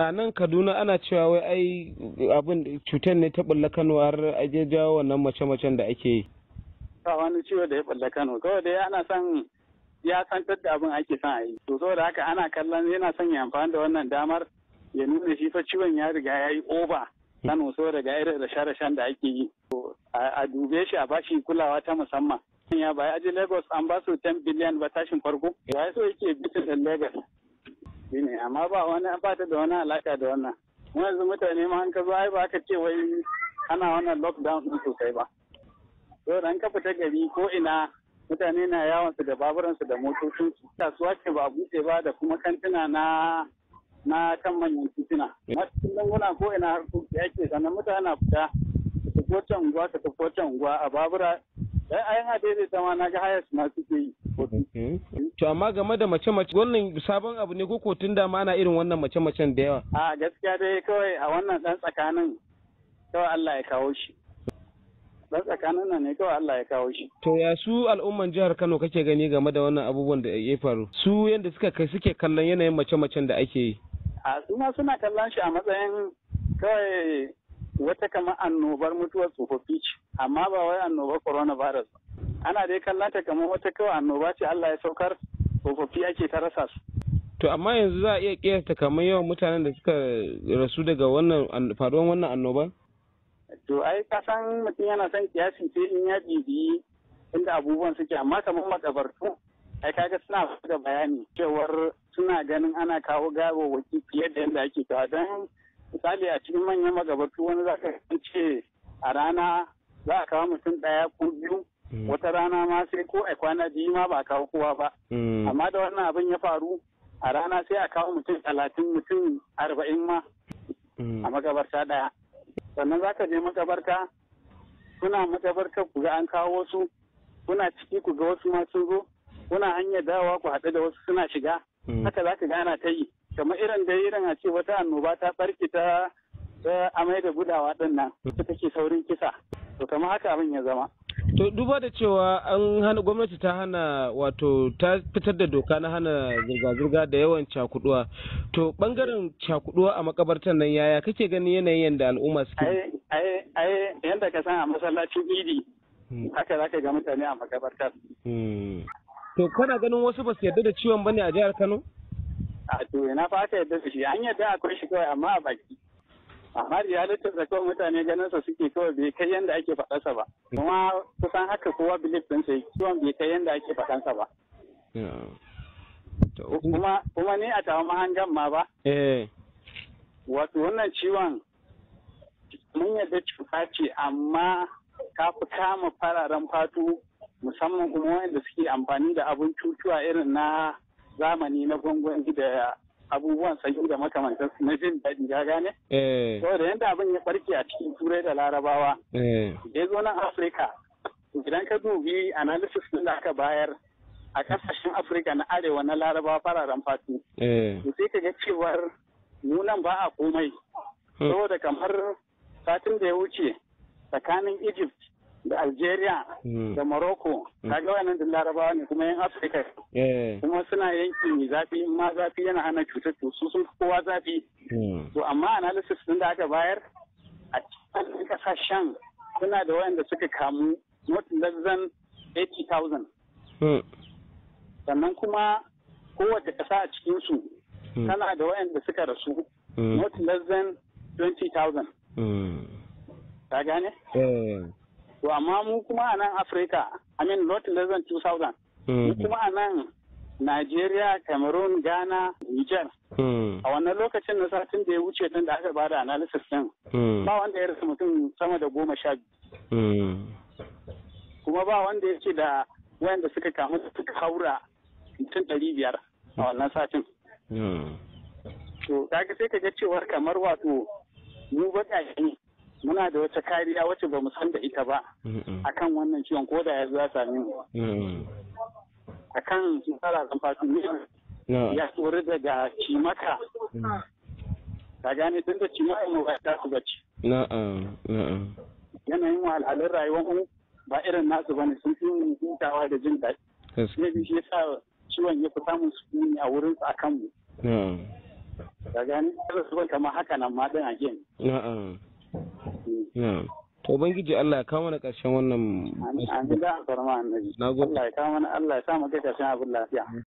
a nan kaduna ana cewa wai ai abin cutar ne ta bulla kano har aje jawo wannan mace-macen da ake yi ba wani ciwo da ya bulla kano kawai dai ana san ya san da abin ake san a yi to saboda haka ana kallon yana son ya amfani da wannan damar ya nuna shi fa ciwon ya riga ya yi oba kano saboda ga irin rashe-rashen da ake yi a dube shi a bashi kulawa ta musamman ya bai aji lagos an ba su 10 biliyan ba tashin farko ya so yake bitin lagos ne amma ba wani ta da wani alaka da wannan mu yanzu mutane ma an ka zo ai ba ka ce wai ana wannan lockdown din sosai ba to dan ka fita gari ko ina mutane na yawon su da baburan su da motocin su kasuwa ce ba buɗe ba da kuma kantina na na kan manyan titina cikin lunguna ko ina harkoki ake sannan mutane na fita ta tafi wata unguwa ta tafi wata unguwa a babura dan ayin adaidaita ma na ga hayas ma suke yi To amma game da mace-mace wannan sabon abu ne koko tun da ma ana irin wannan mace-macen da yawa. A gaskiya dai kawai a wannan dan tsakanin kawai Allah ya kawo shi. Dan tsakanin nan ne kawai Allah ya kawo shi. To ya su al'umman jihar Kano kake gani game da wannan abubuwan da ya faru? Su yadda suka kai suke kallon yanayin mace-macen da ake yi. A su ma suna kallon shi a matsayin kawai wata kamar annobar mutuwar tsofaffi ce amma ba wai annobar coronavirus ba. ana dai kallon ta kamar wata kawai annoba ce Allah ya saukar tsofaffi ake ta rasa su to amma yanzu za a iya kiyasta kamar yawan mutanen da suka rasu daga wannan faruwan wannan annoba. to ai ka san mutum yana son kiyasin ce in ya bibiyi inda abubuwan suke amma kamar makabartu ai kaga suna da bayani cewar suna ganin ana kawo gawawwaki fiye da yadda ake kawo don misali a cikin manyan magabatu wani za ka ce a rana za a kawo mutum ɗaya ko biyu Mm. wata rana ma sai ko a kwana biyu ma ba a kawo kowa ba mm. amma da wannan abin ya faru a rana sai a kawo mutum talatin mutum arba'in ma mm. a magabarta ɗaya sannan za ka je magabarta kuna magabarta ku ga an kawo wasu kuna ciki ku ga wasu ma sun zo kuna hanyar dawa ku haɗu da wasu suna shiga haka za ka ga ta yi kamar irin da irin a ce wata annoba ta ɓarke ta amai da gudawa ɗin nan ita take saurin kisa to kamar haka abin ya zama to duba da cewa an hana gwamnati ta hana wato ta fitar da doka na hana zirga-zirga da yawan cakuduwa to bangaren cakuduwa a makabartan nan yaya kake ganin yanayin yadda al'umma suke ai yadda ka san a masallacin idi hmm. haka za ka ga mutane a makabartar hmm. to kana ganin wasu ba su yarda da ciwon bane a jihar kano a to ina fa aka yarda da shi an yarda akwai shi kawai amma a baki amma realitin da kawai mutane ganin sa suke kawai bai kai yanda ake faɗansa ba kuma kusan haka kowa belief din sa kiwon bai kai yanda ake faɗansa ba kuma kuma ni a tawa mahangan ma ba eh wato wannan ciwon mun yadda cuta ce amma ta fi kama fararen fatu musamman kuma wanda suke amfani da abun cutuwa irin na zamani na gwangwani da abubuwan sanyi da makamantar na jin daɗi ya gane? Eh. da yadda abin ya ɓarke a cikin turai da larabawa. Eh. Da ya zo nan Afirka, idan ka dubi analysis ɗin da aka bayar a ƙasashen Afirka na arewa na larabawa fararen fatu. Eh. sai ka ga cewar nunan ba a komai. Hmm. Saboda kamar satin da ya wuce tsakanin Egypt da Algeria hmm. da Morocco hmm. kaga wannan da larabawa ne kuma yan Afirka eh. kuma suna yanki zafi in ma zafi yana hana cutar to su sun kowa zafi hmm. to amma analysis din da aka bayar a cikin kasashen suna da wayanda suka kamu not less than 80,000 sannan kuma kowace kasa a cikinsu tana da wayanda suka rasu not less than 20,000 ka gane? Eh. to amma mu kuma a nan afirka i mean not less than 2000 mu mm-hmm. kuma a nan Najeriya, Cameroon, Ghana, Niger. Mm-hmm. A wannan lokacin na satin da ya wuce tun da aka bada analysis din. Mm-hmm. Ba wanda ya rasa mutum sama da goma sha biyu. Kuma ba wanda ya ce da wayanda suka kamu suka haura mutum ɗari biyar a wannan satin. To, kaga sai ka ga cewar kamar wato mu baƙaƙe ne. muna da wata kariya wacce ba mu san da ita ba A kan wannan ciwon ko da ya zuwa ya same mu akan tsara zamfasu ne ya tsori daga cimaka mm. ka gane tun da cimaka mu ba ta su bace uh, yanayin wahalhalun rayuwar mu ba irin nasu bane sun fi hutawa da jin daɗi ne shi yasa ciwon ya fi samun sukuni a wurin su a kanmu ka gane su ban kama haka nan ma din a to ubangiji Allah ya kawo mana ƙarshen wannan amin da farma annabi Allah ya kawo mana Allah ya sa mu kai ƙarshen abin lafiya